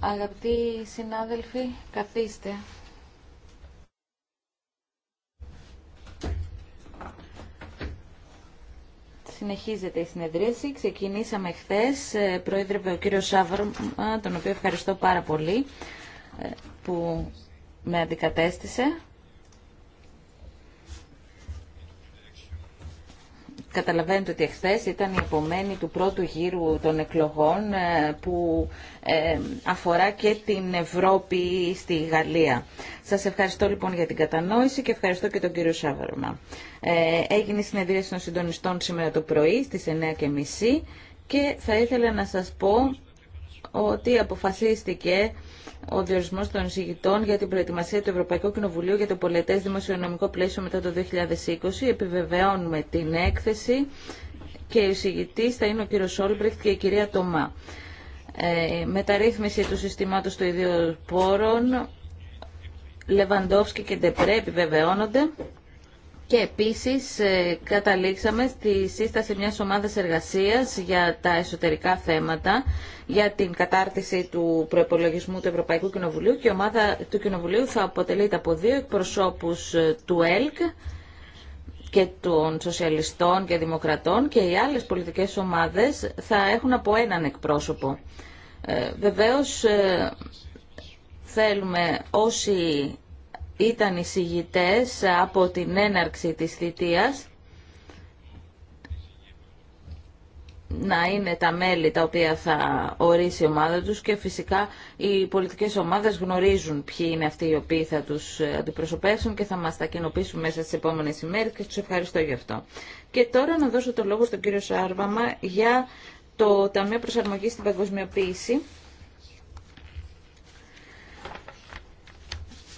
Αγαπητοί συνάδελφοι, καθίστε. Συνεχίζεται η συνεδρίαση. Ξεκινήσαμε χθες. Ε, προέδρευε ο κύριος Σάβαρμα, τον οποίο ευχαριστώ πάρα πολύ ε, που με αντικατέστησε. Καταλαβαίνετε ότι εχθές ήταν η επομένη του πρώτου γύρου των εκλογών ε, που ε, αφορά και την Ευρώπη στη Γαλλία. Σας ευχαριστώ λοιπόν για την κατανόηση και ευχαριστώ και τον κύριο Σάβαρμα. Ε, έγινε η συνεδρίαση των συντονιστών σήμερα το πρωί στις 9.30 και θα ήθελα να σας πω ότι αποφασίστηκε ο διορισμό των εισηγητών για την προετοιμασία του Ευρωπαϊκού Κοινοβουλίου για το πολιτέ δημοσιονομικό πλαίσιο μετά το 2020. Επιβεβαιώνουμε την έκθεση και ο εισηγητή θα είναι ο κύριο Όλμπρεχτ και η κυρία Τομά. Ε, μεταρρύθμιση του συστήματος των ιδίων πόρων, Λεβαντόφσκι και Ντεπρέ επιβεβαιώνονται. Και επίσης ε, καταλήξαμε στη σύσταση μιας ομάδας εργασίας για τα εσωτερικά θέματα, για την κατάρτιση του προπολογισμού του Ευρωπαϊκού Κοινοβουλίου και η ομάδα του Κοινοβουλίου θα αποτελείται από δύο εκπροσώπους ε, του ΕΛΚ και των σοσιαλιστών και δημοκρατών και οι άλλες πολιτικές ομάδες θα έχουν από έναν εκπρόσωπο. Ε, βεβαίως ε, θέλουμε όσοι ήταν οι εισηγητές από την έναρξη της θητείας να είναι τα μέλη τα οποία θα ορίσει η ομάδα τους και φυσικά οι πολιτικές ομάδες γνωρίζουν ποιοι είναι αυτοί οι οποίοι θα τους αντιπροσωπεύσουν και θα μας τα κοινοποιήσουν μέσα στις επόμενες ημέρες και τους ευχαριστώ γι' αυτό. Και τώρα να δώσω το λόγο στον κύριο Σάρβαμα για το Ταμείο Προσαρμογής στην Παγκοσμιοποίηση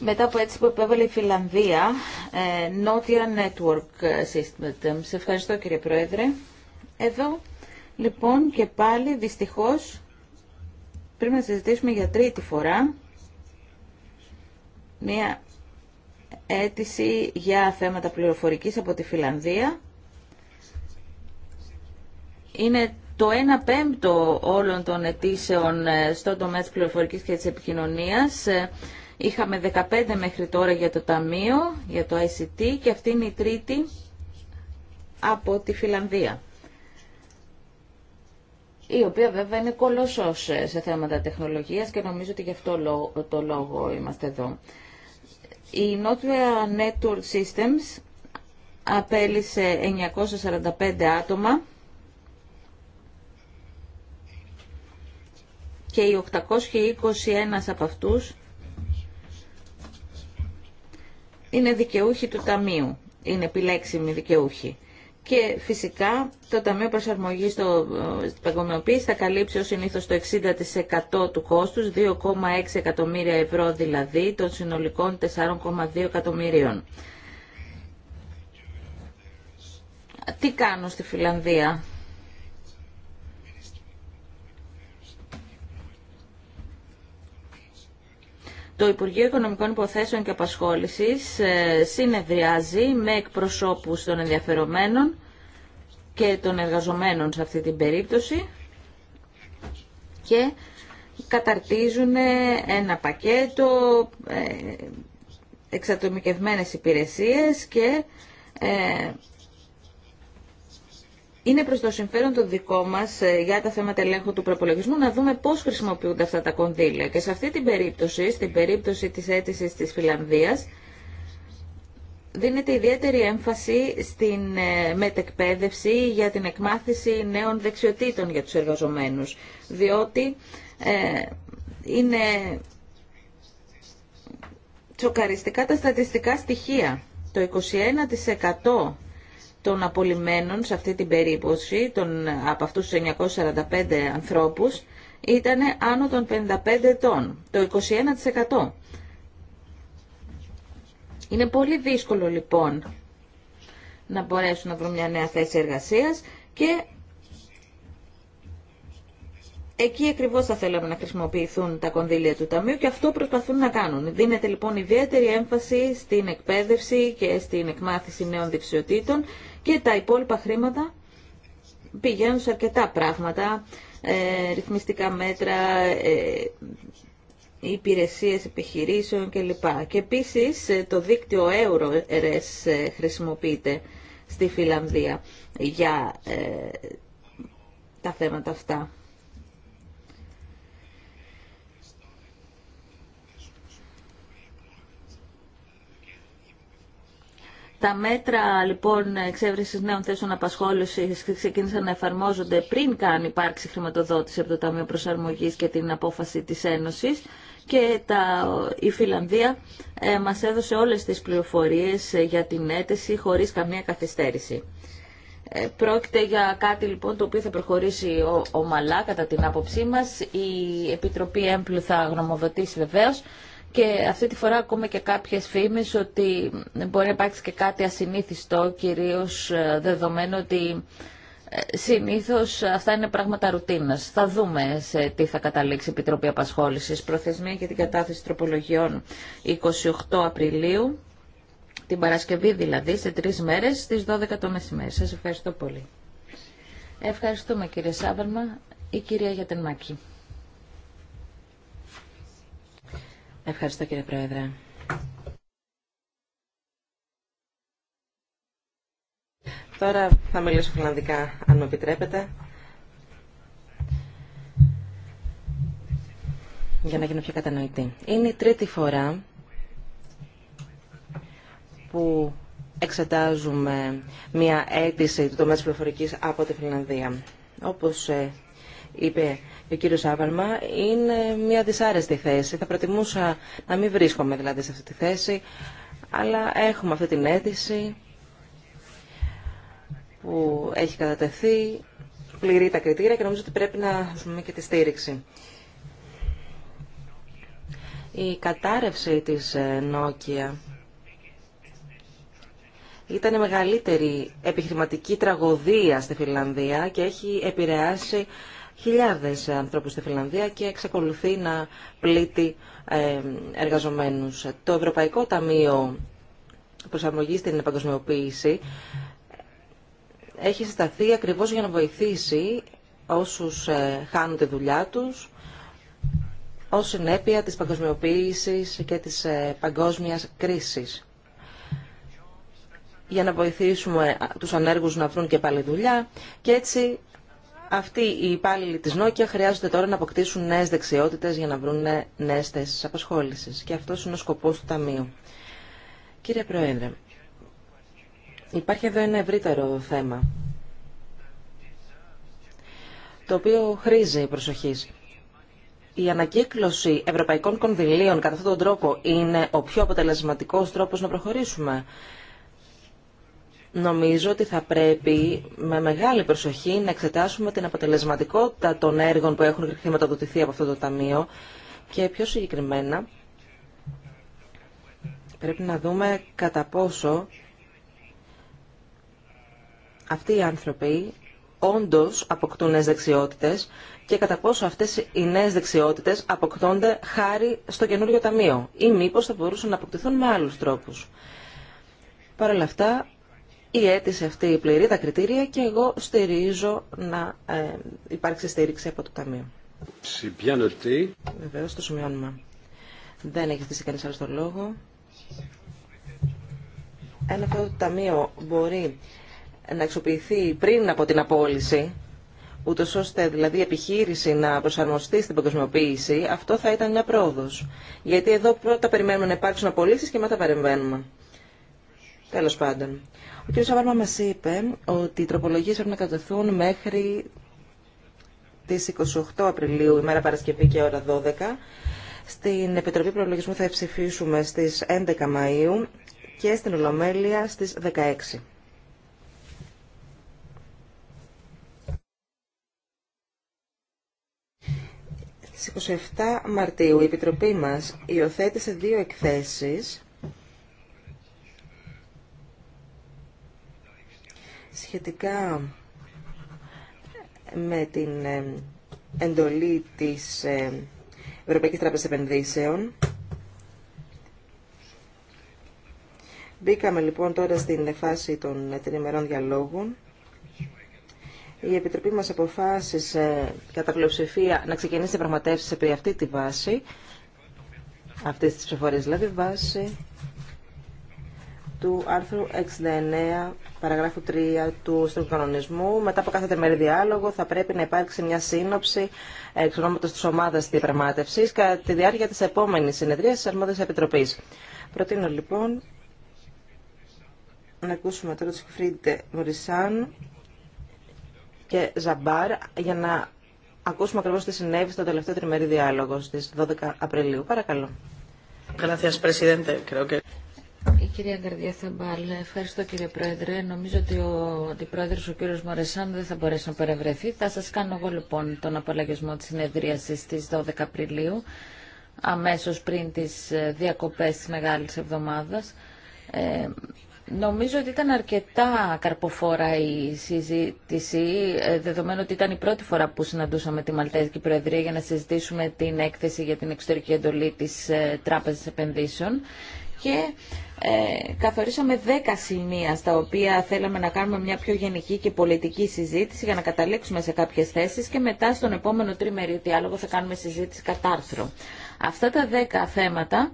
Μετά από έτσι που επέβαλε η Φιλανδία, ε, Νότια Network System. Σε ευχαριστώ κύριε Πρόεδρε. Εδώ λοιπόν και πάλι δυστυχώς πρέπει να συζητήσουμε για τρίτη φορά μία αίτηση για θέματα πληροφορικής από τη Φιλανδία. Είναι το 1 πέμπτο όλων των αιτήσεων ε, στο τομέα της πληροφορικής και της επικοινωνίας. Ε, Είχαμε 15 μέχρι τώρα για το Ταμείο, για το ICT και αυτή είναι η τρίτη από τη Φιλανδία. Η οποία βέβαια είναι κολοσσός ε, σε θέματα τεχνολογίας και νομίζω ότι γι' αυτό το λόγο είμαστε εδώ. Η Nokia Network Systems απέλησε 945 άτομα και οι 821 από αυτούς είναι δικαιούχοι του Ταμείου, είναι επιλέξιμοι δικαιούχοι. Και φυσικά το Ταμείο προσαρμογή ε, στην Παγκοσμιοποίηση θα καλύψει ω συνήθω το 60% του κόστους, 2,6 εκατομμύρια ευρώ δηλαδή, των συνολικών 4,2 εκατομμυρίων. Τι κάνω στη Φιλανδία Το Υπουργείο Οικονομικών Υποθέσεων και Απασχόλησης ε, συνεδριάζει με εκπροσώπους των ενδιαφερομένων και των εργαζομένων σε αυτή την περίπτωση και καταρτίζουν ε, ένα πακέτο ε, εξατομικευμένες υπηρεσίες και είναι προς το συμφέρον το δικό μας ε, για τα θέματα ελέγχου του προπολογισμού να δούμε πώς χρησιμοποιούνται αυτά τα κονδύλια. Και σε αυτή την περίπτωση, στην περίπτωση της αίτηση της Φιλανδίας, δίνεται ιδιαίτερη έμφαση στην ε, μετεκπαίδευση για την εκμάθηση νέων δεξιοτήτων για τους εργαζομένους, διότι ε, είναι τσοκαριστικά τα στατιστικά στοιχεία. Το 21% των απολυμένων σε αυτή την περίπτωση, των, από αυτούς τους 945 ανθρώπους, ήταν άνω των 55 ετών, το 21%. Είναι πολύ δύσκολο λοιπόν να μπορέσουν να βρουν μια νέα θέση εργασίας και Εκεί ακριβώς θα θέλαμε να χρησιμοποιηθούν τα κονδύλια του Ταμείου και αυτό προσπαθούν να κάνουν. Δίνεται λοιπόν ιδιαίτερη έμφαση στην εκπαίδευση και στην εκμάθηση νέων δεξιοτήτων και τα υπόλοιπα χρήματα πηγαίνουν σε αρκετά πράγματα, ε, ρυθμιστικά μέτρα, ε, υπηρεσίες επιχειρήσεων κλπ. Και επίσης ε, το δίκτυο EURES ε, χρησιμοποιείται στη Φιλανδία για ε, τα θέματα αυτά. Τα μέτρα λοιπόν εξέβρεση νέων θέσεων απασχόληση ξεκίνησαν να εφαρμόζονται πριν καν υπάρξει χρηματοδότηση από το Ταμείο Προσαρμογή και την απόφαση τη Ένωση και τα, η Φιλανδία ε, μας έδωσε όλες τις πληροφορίε ε, για την αίτηση χωρίς καμία καθυστέρηση. Ε, πρόκειται για κάτι λοιπόν το οποίο θα προχωρήσει ο, ομαλά κατά την άποψή μας. Η Επιτροπή Έμπλου θα γνωμοδοτήσει βεβαίως και αυτή τη φορά ακούμε και κάποιες φήμες ότι μπορεί να υπάρξει και κάτι ασυνήθιστο, κυρίως ε, δεδομένου ότι ε, Συνήθως αυτά είναι πράγματα ρουτίνας. Θα δούμε σε τι θα καταλήξει η Επιτροπή Απασχόλησης. Προθεσμία για την κατάθεση τροπολογιών 28 Απριλίου, την Παρασκευή δηλαδή, σε τρεις μέρες, στις 12 το μεσημέρι. Σας ευχαριστώ πολύ. Ευχαριστούμε κύριε Σάβερμα. Η κυρία Γιατενμάκη. Ευχαριστώ κύριε Πρόεδρε. Τώρα θα μιλήσω φιλανδικά, αν μου επιτρέπετε. Για να γίνω πιο κατανοητή. Είναι η τρίτη φορά που εξετάζουμε μια αίτηση του τομέα της πληροφορικής από τη Φιλανδία. Όπως ε, είπε ο κύριος είναι μια δυσάρεστη θέση. Θα προτιμούσα να μην βρίσκομαι δηλαδή σε αυτή τη θέση, αλλά έχουμε αυτή την αίτηση που έχει κατατεθεί, πληρεί τα κριτήρια και νομίζω ότι πρέπει να δούμε και τη στήριξη. Η κατάρρευση της Νόκια ε, ήταν η μεγαλύτερη επιχειρηματική τραγωδία στη Φιλανδία και έχει επηρεάσει χιλιάδες ανθρώπους στη Φιλανδία και εξακολουθεί να πλήττει ε, εργαζομένους. Το Ευρωπαϊκό Ταμείο Προσαρμογής στην Παγκοσμιοποίηση έχει συσταθεί ακριβώς για να βοηθήσει όσους ε, χάνουν τη δουλειά τους ως συνέπεια της παγκοσμιοποίησης και της ε, παγκόσμιας κρίσης. Για να βοηθήσουμε τους ανέργους να βρουν και πάλι δουλειά και έτσι αυτοί οι υπάλληλοι της Νόκια χρειάζονται τώρα να αποκτήσουν νέες δεξιότητες για να βρουν νέες θέσεις απασχόλησης. Και αυτός είναι ο σκοπός του Ταμείου. Κύριε Πρόεδρε, υπάρχει εδώ ένα ευρύτερο θέμα, το οποίο χρήζει προσοχή. Η ανακύκλωση ευρωπαϊκών κονδυλίων κατά αυτόν τον τρόπο είναι ο πιο αποτελεσματικός τρόπος να προχωρήσουμε. Νομίζω ότι θα πρέπει με μεγάλη προσοχή να εξετάσουμε την αποτελεσματικότητα των έργων που έχουν χρηματοδοτηθεί από αυτό το Ταμείο και πιο συγκεκριμένα πρέπει να δούμε κατά πόσο αυτοί οι άνθρωποι όντως αποκτούν νέες δεξιότητες και κατά πόσο αυτές οι νέες δεξιότητες αποκτώνται χάρη στο καινούριο ταμείο ή μήπως θα μπορούσαν να αποκτηθούν με άλλους τρόπους. Παρ' όλα αυτά, η αίτηση αυτή πληρεί τα κριτήρια και εγώ στηρίζω να ε, υπάρξει στήριξη από το Ταμείο. Βεβαίω το σημειώνουμε. Δεν έχει στήσει κανείς άλλο τον λόγο. Ένα αυτό το Ταμείο μπορεί να αξιοποιηθεί πριν από την απόλυση, ούτω ώστε δηλαδή η επιχείρηση να προσαρμοστεί στην παγκοσμιοποίηση, αυτό θα ήταν μια πρόοδο. Γιατί εδώ πρώτα περιμένουμε να υπάρξουν απολύσεις και μετά παρεμβαίνουμε. Τέλος πάντων. Ο κ. Σαββάρμα μας είπε ότι οι τροπολογίε πρέπει να κατευθούν μέχρι τις 28 Απριλίου, ημέρα Παρασκευή και ώρα 12. Στην Επιτροπή Προλογισμού θα ψηφίσουμε στις 11 Μαΐου και στην Ολομέλεια στις 16. Στις 27 Μαρτίου η Επιτροπή μας υιοθέτησε δύο εκθέσεις σχετικά με την ε, εντολή της ε, Ευρωπαϊκής Τράπεζας Επενδύσεων. Μπήκαμε λοιπόν τώρα στην φάση των τριμερών διαλόγων. Η Επιτροπή μας αποφάσισε κατά πλειοψηφία να ξεκινήσει πραγματεύσεις επί αυτή τη βάση, αυτής της ψηφορίας δηλαδή βάση του άρθρου 69 παραγράφου 3 του στον κανονισμού. Μετά από κάθε τεμερή διάλογο θα πρέπει να υπάρξει μια σύνοψη εξ ονόματος της ομάδας διαπραγματεύση κατά τη διάρκεια της επόμενης συνεδρίας της Αρμόδιας Επιτροπής. Προτείνω λοιπόν να ακούσουμε τώρα τους Φρίντε Μουρισάν και Ζαμπάρ για να ακούσουμε ακριβώς τι συνέβη στο τελευταίο τριμερή διάλογο στις 12 Απριλίου. Παρακαλώ κυρία Γκαρδιά Θεμπάλ, Ευχαριστώ κύριε Πρόεδρε. Νομίζω ότι ο αντιπρόεδρος ο κύριος Μωρεσάν δεν θα μπορέσει να παρευρεθεί. Θα σας κάνω εγώ λοιπόν τον απολαγισμό της συνεδρίασης στις 12 Απριλίου, αμέσως πριν τις ε, διακοπές της Μεγάλης Εβδομάδας. Ε, Νομίζω ότι ήταν αρκετά καρποφόρα η συζήτηση, ε, δεδομένου ότι ήταν η πρώτη φορά που συναντούσαμε τη Μαλτέζικη Προεδρία για να συζητήσουμε την έκθεση για την εξωτερική εντολή της ε, Τράπεζας Επενδύσεων και ε, καθορίσαμε δέκα σημεία στα οποία θέλαμε να κάνουμε μια πιο γενική και πολιτική συζήτηση για να καταλήξουμε σε κάποιες θέσεις και μετά στον επόμενο τριμερή διάλογο θα κάνουμε συζήτηση κατάρθρο. Αυτά τα δέκα θέματα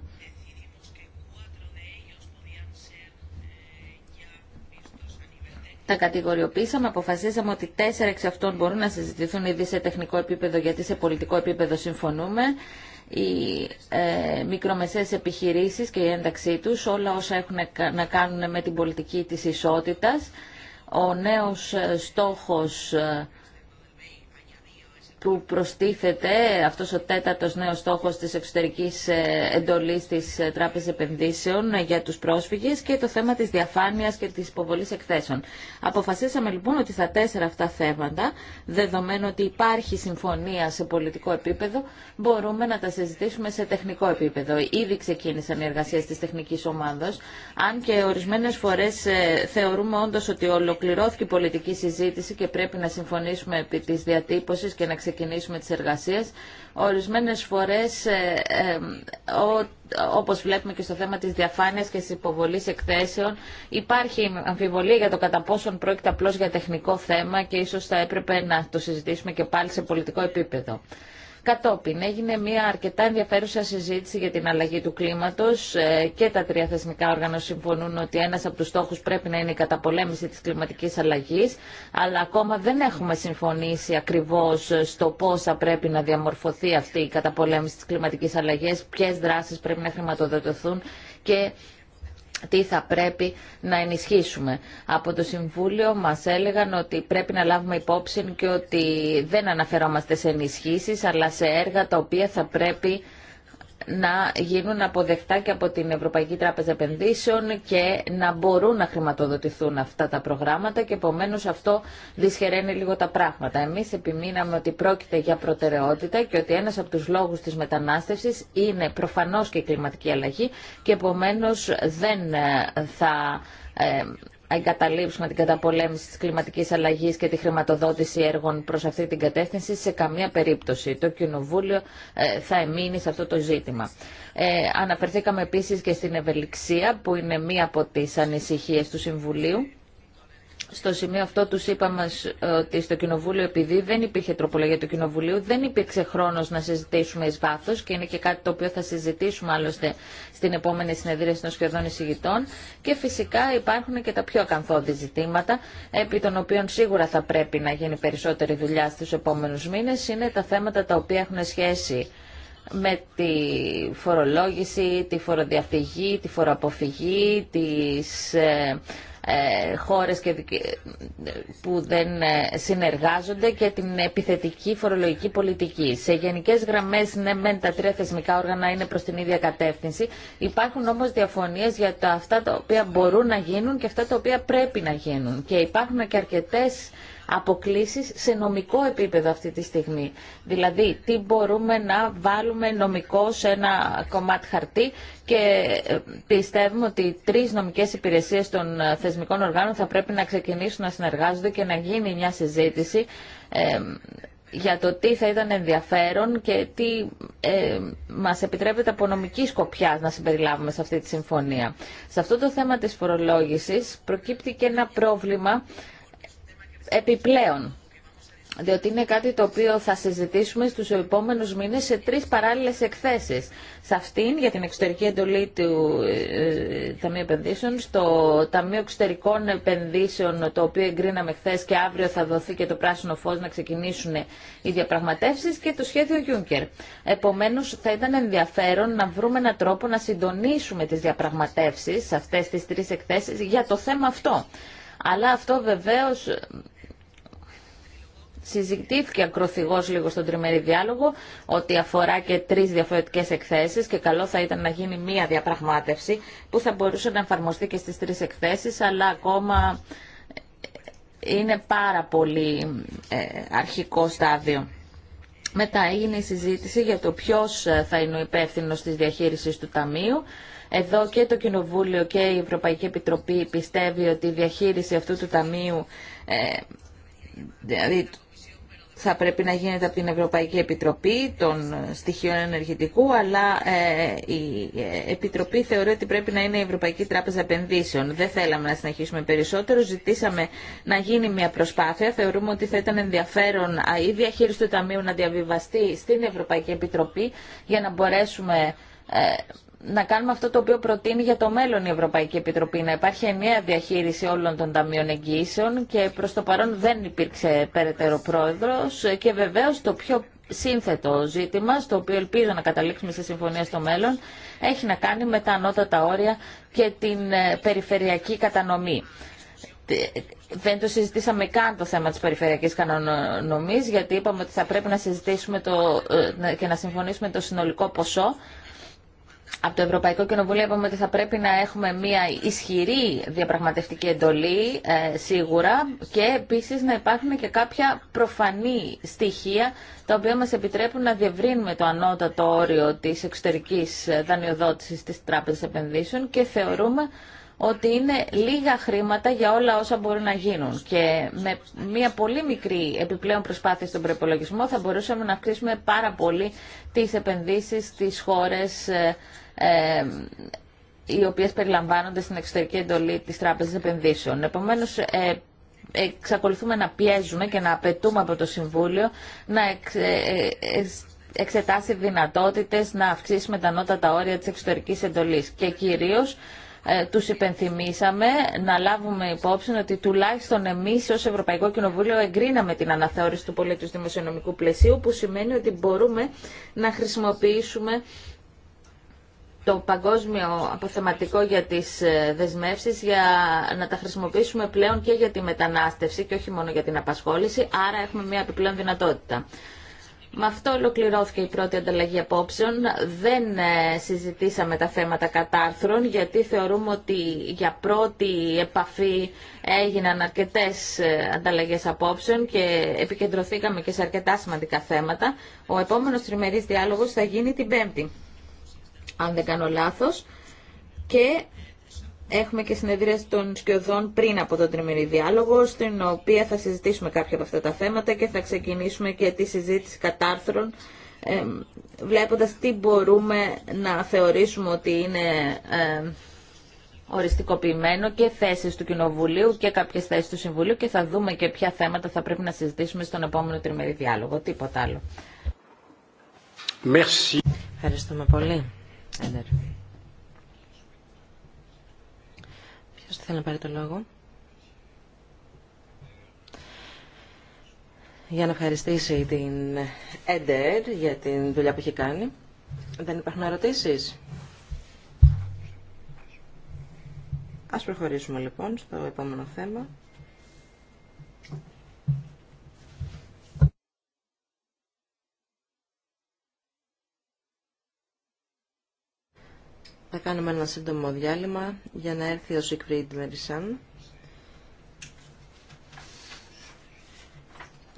Τα κατηγοριοποίησαμε, αποφασίσαμε ότι τέσσερα εξ αυτών μπορούν να συζητηθούν ήδη σε τεχνικό επίπεδο γιατί σε πολιτικό επίπεδο συμφωνούμε οι ε, μικρομεσαίες επιχειρήσεις και η ένταξή τους, όλα όσα έχουν να κάνουν με την πολιτική της ισότητας. Ο νέος ε, στόχος ε, που προστίθεται αυτός ο τέταρτος νέος στόχος της εξωτερικής ε, εντολής της ε, Τράπεζης Επενδύσεων ε, για τους πρόσφυγες και το θέμα της διαφάνειας και της υποβολής εκθέσεων. Αποφασίσαμε λοιπόν ότι στα τέσσερα αυτά θέματα, δεδομένου ότι υπάρχει συμφωνία σε πολιτικό επίπεδο, μπορούμε να τα συζητήσουμε σε τεχνικό επίπεδο. Ήδη ξεκίνησαν οι εργασίες της τεχνικής ομάδος, αν και ορισμένες φορές θεωρούμε όντως ότι ολοκληρώθηκε η πολιτική συζήτηση και πρέπει να συμφωνήσουμε επί της διατύπωσης και να ξεκινήσουμε ξεκινήσουμε τις εργασίες. Ορισμένες φορές, ε, ε, ο, όπως βλέπουμε και στο θέμα της διαφάνειας και της υποβολής εκθέσεων, υπάρχει αμφιβολία για το κατά πόσον πρόκειται απλώ για τεχνικό θέμα και ίσως θα έπρεπε να το συζητήσουμε και πάλι σε πολιτικό επίπεδο. Κατόπιν έγινε μια αρκετά ενδιαφέρουσα συζήτηση για την αλλαγή του κλίματος ε, και τα τρία θεσμικά όργανα συμφωνούν ότι ένας από τους στόχους πρέπει να είναι η καταπολέμηση της κλιματικής αλλαγής αλλά ακόμα δεν έχουμε συμφωνήσει ακριβώς στο πώς θα πρέπει να διαμορφωθεί αυτή η καταπολέμηση της κλιματικής αλλαγής, ποιες δράσεις πρέπει να χρηματοδοτηθούν και τι θα πρέπει να ενισχύσουμε. Από το Συμβούλιο μας έλεγαν ότι πρέπει να λάβουμε υπόψη και ότι δεν αναφερόμαστε σε ενισχύσεις αλλά σε έργα τα οποία θα πρέπει να γίνουν αποδεκτά και από την Ευρωπαϊκή Τράπεζα Επενδύσεων και να μπορούν να χρηματοδοτηθούν αυτά τα προγράμματα και επομένω αυτό δυσχεραίνει λίγο τα πράγματα. Εμείς επιμείναμε ότι πρόκειται για προτεραιότητα και ότι ένας από τους λόγους της μετανάστευσης είναι προφανώς και η κλιματική αλλαγή και επομένω δεν ε, θα ε, εγκαταλείψουμε την καταπολέμηση της κλιματικής αλλαγής και τη χρηματοδότηση έργων προς αυτή την κατεύθυνση σε καμία περίπτωση. Το Κοινοβούλιο ε, θα εμείνει σε αυτό το ζήτημα. Ε, αναφερθήκαμε επίσης και στην ευελιξία που είναι μία από τις ανησυχίες του Συμβουλίου στο σημείο αυτό τους είπαμε ότι στο Κοινοβούλιο, επειδή δεν υπήρχε τροπολογία του Κοινοβουλίου, δεν υπήρξε χρόνο να συζητήσουμε ει βάθος και είναι και κάτι το οποίο θα συζητήσουμε άλλωστε στην επόμενη συνεδρία των σχεδόν εισηγητών και φυσικά υπάρχουν και τα πιο ακαθόδη ζητήματα, επί των οποίων σίγουρα θα πρέπει να γίνει περισσότερη δουλειά στου επόμενου μήνε. είναι τα θέματα τα οποία έχουν σχέση με τη φορολόγηση, τη φοροδιαφυγή, τη φοροαποφυγή, τις ε, ε, χώρες που δεν ε, συνεργάζονται και την επιθετική φορολογική πολιτική. Σε γενικές γραμμές, ναι, μεν τα τρία θεσμικά όργανα είναι προς την ίδια κατεύθυνση. Υπάρχουν όμως διαφωνίες για τα αυτά τα οποία μπορούν να γίνουν και αυτά τα οποία πρέπει να γίνουν. Και υπάρχουν και αρκετές αποκλήσεις σε νομικό επίπεδο αυτή τη στιγμή. Δηλαδή, τι μπορούμε να βάλουμε νομικό σε ένα κομμάτι χαρτί και ε, πιστεύουμε ότι τρεις νομικές υπηρεσίες των ε, θεσμικών οργάνων θα πρέπει να ξεκινήσουν να συνεργάζονται και να γίνει μια συζήτηση ε, για το τι θα ήταν ενδιαφέρον και τι ε, μας επιτρέπεται από νομική σκοπιά να συμπεριλάβουμε σε αυτή τη συμφωνία. Σε αυτό το θέμα της φορολόγησης προκύπτει και ένα πρόβλημα επιπλέον διότι είναι κάτι το οποίο θα συζητήσουμε στους επόμενους μήνες σε τρεις παράλληλες εκθέσεις. Σε αυτήν για την εξωτερική εντολή του ε, Ταμείου Επενδύσεων, στο Ταμείο Εξωτερικών Επενδύσεων, το οποίο εγκρίναμε χθε και αύριο θα δοθεί και το πράσινο φως να ξεκινήσουν οι διαπραγματεύσεις και το σχέδιο Juncker. Επομένως θα ήταν ενδιαφέρον να βρούμε έναν τρόπο να συντονίσουμε τις διαπραγματεύσεις σε αυτές τις τρεις εκθέσεις για το θέμα αυτό. Αλλά αυτό βεβαίως συζητήθηκε ακροθυγώς λίγο στον τριμερή διάλογο ότι αφορά και τρεις διαφορετικές εκθέσεις και καλό θα ήταν να γίνει μία διαπραγμάτευση που θα μπορούσε να εφαρμοστεί και στις τρεις εκθέσεις αλλά ακόμα είναι πάρα πολύ ε, αρχικό στάδιο. Μετά έγινε η συζήτηση για το ποιο ε, θα είναι ο υπεύθυνος της διαχείριση του Ταμείου. Εδώ και το Κοινοβούλιο και η Ευρωπαϊκή Επιτροπή πιστεύει ότι η διαχείριση αυτού του Ταμείου, ε, δηλαδή θα πρέπει να γίνεται από την Ευρωπαϊκή Επιτροπή των στοιχείων ενεργητικού, αλλά ε, η ε, Επιτροπή θεωρεί ότι πρέπει να είναι η Ευρωπαϊκή Τράπεζα Επενδύσεων. Δεν θέλαμε να συνεχίσουμε περισσότερο, ζητήσαμε να γίνει μια προσπάθεια. Θεωρούμε ότι θα ήταν ενδιαφέρον η διαχείριση του Ταμείου να διαβιβαστεί στην Ευρωπαϊκή Επιτροπή για να μπορέσουμε ε, να κάνουμε αυτό το οποίο προτείνει για το μέλλον η Ευρωπαϊκή Επιτροπή, να υπάρχει ενιαία διαχείριση όλων των ταμείων εγγύησεων και προς το παρόν δεν υπήρξε περαιτέρω πρόεδρος και βεβαίως το πιο σύνθετο ζήτημα, στο οποίο ελπίζω να καταλήξουμε σε συμφωνία στο μέλλον, έχει να κάνει με τα ανώτατα όρια και την ε, περιφερειακή κατανομή. Δεν το συζητήσαμε καν το θέμα της περιφερειακής κανονομής, γιατί είπαμε ότι θα πρέπει να συζητήσουμε το, ε, και να συμφωνήσουμε το συνολικό ποσό από το Ευρωπαϊκό Κοινοβούλιο είπαμε ότι θα πρέπει να έχουμε μια ισχυρή διαπραγματευτική εντολή ε, σίγουρα και επίσης να υπάρχουν και κάποια προφανή στοιχεία τα οποία μας επιτρέπουν να διευρύνουμε το ανώτατο όριο της εξωτερικής δανειοδότησης της Τράπεζας Επενδύσεων και θεωρούμε ότι είναι λίγα χρήματα για όλα όσα μπορούν να γίνουν. Και με μια πολύ μικρή επιπλέον προσπάθεια στον προπολογισμό θα μπορούσαμε να αυξήσουμε πάρα πολύ τις επενδύσεις στις χώρες ε, οι οποίες περιλαμβάνονται στην εξωτερική εντολή της Τράπεζας Επενδύσεων. Επομένως, ε, εξακολουθούμε να πιέζουμε και να απαιτούμε από το Συμβούλιο να ε, ε, εξετάσει δυνατότητες να αυξήσουμε τα ανώτατα όρια της εξωτερικής εντολής και κυρίως ε, τους υπενθυμίσαμε να λάβουμε υπόψη ότι τουλάχιστον εμείς ως Ευρωπαϊκό Κοινοβούλιο εγκρίναμε την αναθεώρηση του πολίτου δημοσιονομικού πλαισίου που σημαίνει ότι μπορούμε να χρησιμοποιήσουμε το παγκόσμιο αποθεματικό για τις ε, δεσμεύσεις για να τα χρησιμοποιήσουμε πλέον και για τη μετανάστευση και όχι μόνο για την απασχόληση, άρα έχουμε μια επιπλέον δυνατότητα. Με αυτό ολοκληρώθηκε η πρώτη ανταλλαγή απόψεων. Δεν ε, συζητήσαμε τα θέματα κατάρθρων, γιατί θεωρούμε ότι για πρώτη επαφή έγιναν αρκετές ε, ανταλλαγές απόψεων και επικεντρωθήκαμε και σε αρκετά σημαντικά θέματα. Ο επόμενος τριμερής διάλογος θα γίνει την Πέμπτη αν δεν κάνω λάθος. Και έχουμε και συνεδρία των σκιωδών πριν από τον τριμερή διάλογο, στην οποία θα συζητήσουμε κάποια από αυτά τα θέματα και θα ξεκινήσουμε και τη συζήτηση κατάρθρων, ε, βλέποντας τι μπορούμε να θεωρήσουμε ότι είναι ε, οριστικοποιημένο και θέσεις του Κοινοβουλίου και κάποιες θέσεις του Συμβουλίου και θα δούμε και ποια θέματα θα πρέπει να συζητήσουμε στον επόμενο τριμερή διάλογο. Τίποτα άλλο. Ευχαριστούμε πολύ. Έντερ. Ποιος θέλει να πάρει το λόγο. Για να ευχαριστήσει την ΕΝΤΕΡ για την δουλειά που έχει κάνει. Δεν υπάρχουν ερωτήσεις. Ας προχωρήσουμε λοιπόν στο επόμενο θέμα. Θα κάνουμε ένα σύντομο διάλειμμα για να έρθει ο Σικφρίντ Μερισάν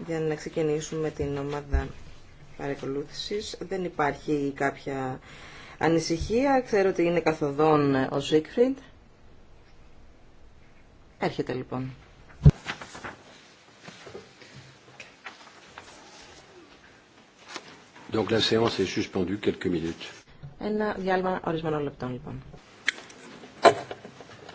για να ξεκινήσουμε την ομάδα παρακολούθησης. Δεν υπάρχει κάποια ανησυχία. Ξέρω ότι είναι καθοδόν ο Σίκφριντ. Έρχεται λοιπόν. Donc la séance est suspendue quelques minutes. Ένα διάλειμμα ορισμένων λεπτών λοιπόν.